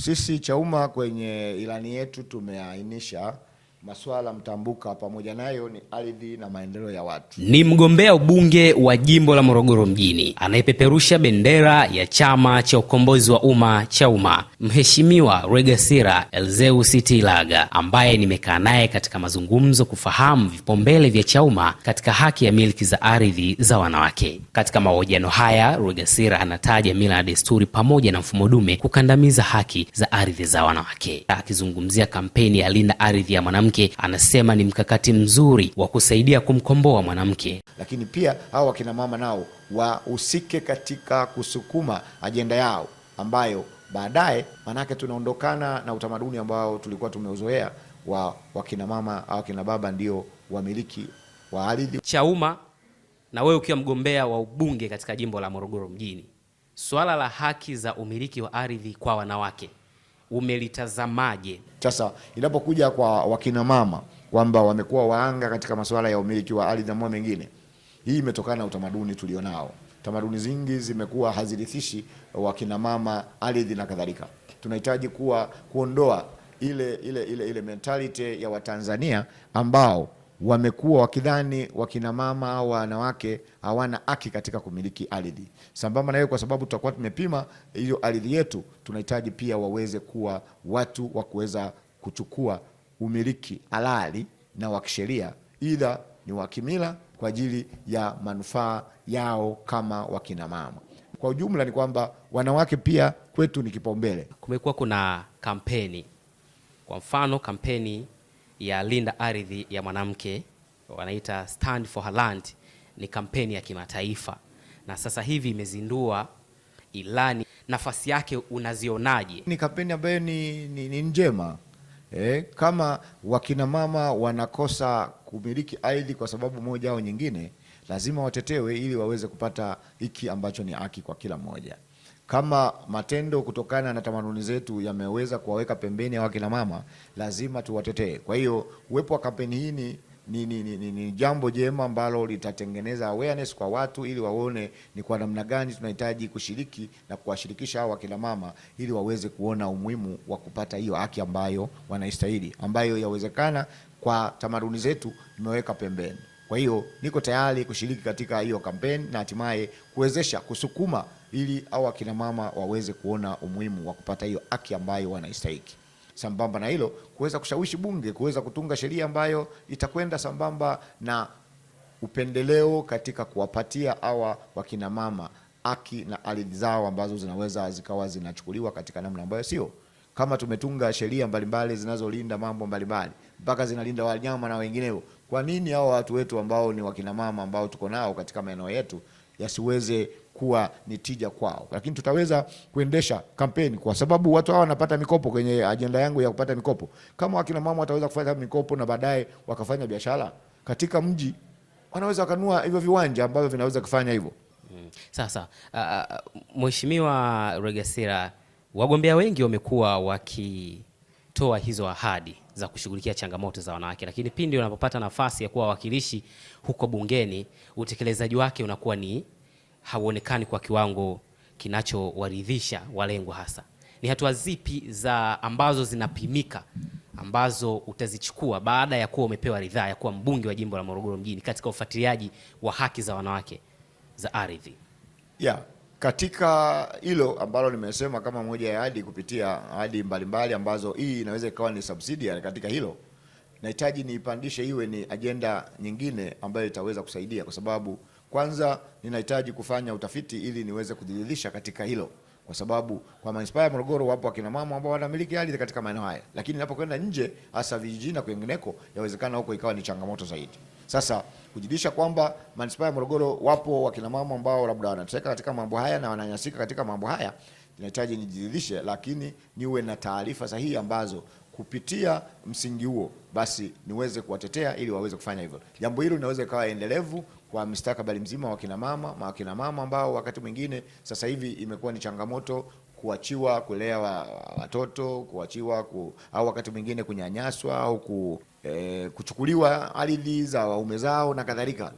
sisi Chauma kwenye ilani yetu tumeainisha Masuala mtambuka pamoja nayo ni ardhi na maendeleo ya watu. Ni mgombea ubunge wa jimbo la Morogoro mjini anayepeperusha bendera ya chama cha ukombozi wa umma CHAUMMA, Mheshimiwa Regasira Elzeus Tilaga, ambaye nimekaa naye katika mazungumzo kufahamu vipaumbele vya chauma katika haki ya miliki za ardhi za wanawake. Katika mahojiano haya, Regasira anataja mila na desturi pamoja na mfumo dume kukandamiza haki za ardhi za wanawake, akizungumzia kampeni ya Linda Ardhi ya Mwanamke mwanamke, anasema ni mkakati mzuri wa kusaidia kumkomboa mwanamke. Lakini pia hao wakina mama nao wahusike katika kusukuma ajenda yao ambayo baadaye, manake tunaondokana na utamaduni ambao tulikuwa tumeuzoea wa wakina mama au wakina baba ndio wamiliki wa ardhi. Chauma, na wewe ukiwa mgombea wa ubunge katika jimbo la Morogoro mjini, swala la haki za umiliki wa ardhi kwa wanawake umelitazamaje? Sasa inapokuja kwa wakinamama kwamba wamekuwa waanga katika masuala ya umiliki wa ardhi na mambo mengine, hii imetokana na utamaduni tulionao. Tamaduni zingi zimekuwa hazirithishi wakinamama ardhi na kadhalika. Tunahitaji kuwa kuondoa ile, ile, ile, ile mentality ya Watanzania ambao wamekuwa wakidhani wakina mama au wanawake hawana haki katika kumiliki ardhi. Sambamba na hiyo, kwa sababu tutakuwa tumepima hiyo ardhi yetu, tunahitaji pia waweze kuwa watu wa kuweza kuchukua umiliki halali na wa kisheria, idha ni wa kimila kwa ajili ya manufaa yao kama wakina mama. Kwa ujumla ni kwamba wanawake pia kwetu ni kipaumbele. Kumekuwa kuna kampeni, kwa mfano kampeni ya linda ardhi ya mwanamke, wanaita Stand for Her Land, ni kampeni ya kimataifa, na sasa hivi imezindua ilani. Nafasi yake unazionaje? Ni kampeni ambayo ni, ni, ni njema eh, kama wakinamama wanakosa kumiliki ardhi kwa sababu moja au nyingine, lazima watetewe ili waweze kupata hiki ambacho ni haki kwa kila mmoja kama matendo kutokana na tamaduni zetu yameweza kuwaweka pembeni ya wakina mama, lazima tuwatetee. Kwa hiyo uwepo wa kampeni hii ni ni, ni, ni, ni jambo jema ambalo litatengeneza awareness kwa watu ili waone ni kwa namna gani tunahitaji kushiriki na kuwashirikisha hawa wakina mama ili waweze kuona umuhimu wa kupata hiyo haki ambayo wanaistahili, ambayo yawezekana kwa tamaduni zetu imeweka pembeni. Kwa hiyo niko tayari kushiriki katika hiyo kampeni na hatimaye kuwezesha kusukuma ili au akina mama waweze kuona umuhimu wa kupata hiyo haki ambayo wanaistahiki. Sambamba na hilo, kuweza kushawishi bunge kuweza kutunga sheria ambayo itakwenda sambamba na upendeleo katika kuwapatia hawa wakina mama haki na ardhi zao ambazo zinaweza zikawa zinachukuliwa katika namna ambayo sio kama tumetunga sheria mbalimbali zinazolinda mambo mbalimbali mpaka zinalinda wanyama na wengineo. Kwa nini hao watu wetu ambao ni wakina mama ambao tuko nao katika maeneo yetu yasiweze kuwa ni tija kwao, lakini tutaweza kuendesha kampeni kwa sababu watu hawa wanapata mikopo. Kwenye ajenda yangu ya kupata mikopo, kama wakina mama wataweza kufanya mikopo na baadaye wakafanya biashara katika mji, wanaweza wakanua hivyo viwanja ambavyo vinaweza kufanya hivyo. Hmm. Sasa uh, Mheshimiwa Regasira, wagombea wengi wamekuwa wakitoa hizo ahadi za kushughulikia changamoto za wanawake, lakini pindi wanapopata nafasi ya kuwa wawakilishi huko bungeni utekelezaji wake unakuwa ni hauonekani kwa kiwango kinachowaridhisha walengwa. Hasa ni hatua zipi za ambazo zinapimika ambazo utazichukua baada ya kuwa umepewa ridhaa ya kuwa mbunge wa jimbo la Morogoro mjini katika ufuatiliaji wa haki za wanawake za ardhi? Yeah, katika hilo ambalo nimesema kama moja ya ahadi kupitia ahadi mbalimbali ambazo hii inaweza ikawa ni subsidiary katika hilo nahitaji niipandishe iwe ni ajenda nyingine ambayo itaweza kusaidia kwa sababu kwanza ninahitaji kufanya utafiti ili niweze kujiridhisha katika hilo, kwa sababu kwa manispaa ya Morogoro wapo akina mama ambao wanamiliki ardhi katika maeneo haya, lakini napokwenda nje, hasa vijijini na kwingineko, yawezekana huko ikawa ni changamoto zaidi. Sasa kujidisha kwamba manispaa ya Morogoro wapo wakina mama ambao labda wanateka katika mambo haya na wananyasika katika mambo haya, ninahitaji nijiridhishe, lakini niwe na taarifa sahihi ambazo kupitia msingi huo basi niweze kuwatetea ili waweze kufanya hivyo. Jambo hilo linaweza ikawa endelevu kwa mustakabali mzima wa kina mama, ma kina mama ambao wakati mwingine sasa hivi imekuwa ni changamoto kuachiwa kulea watoto, kuachiwa ku, au wakati mwingine kunyanyaswa au ku, e, kuchukuliwa ardhi za waume zao na kadhalika.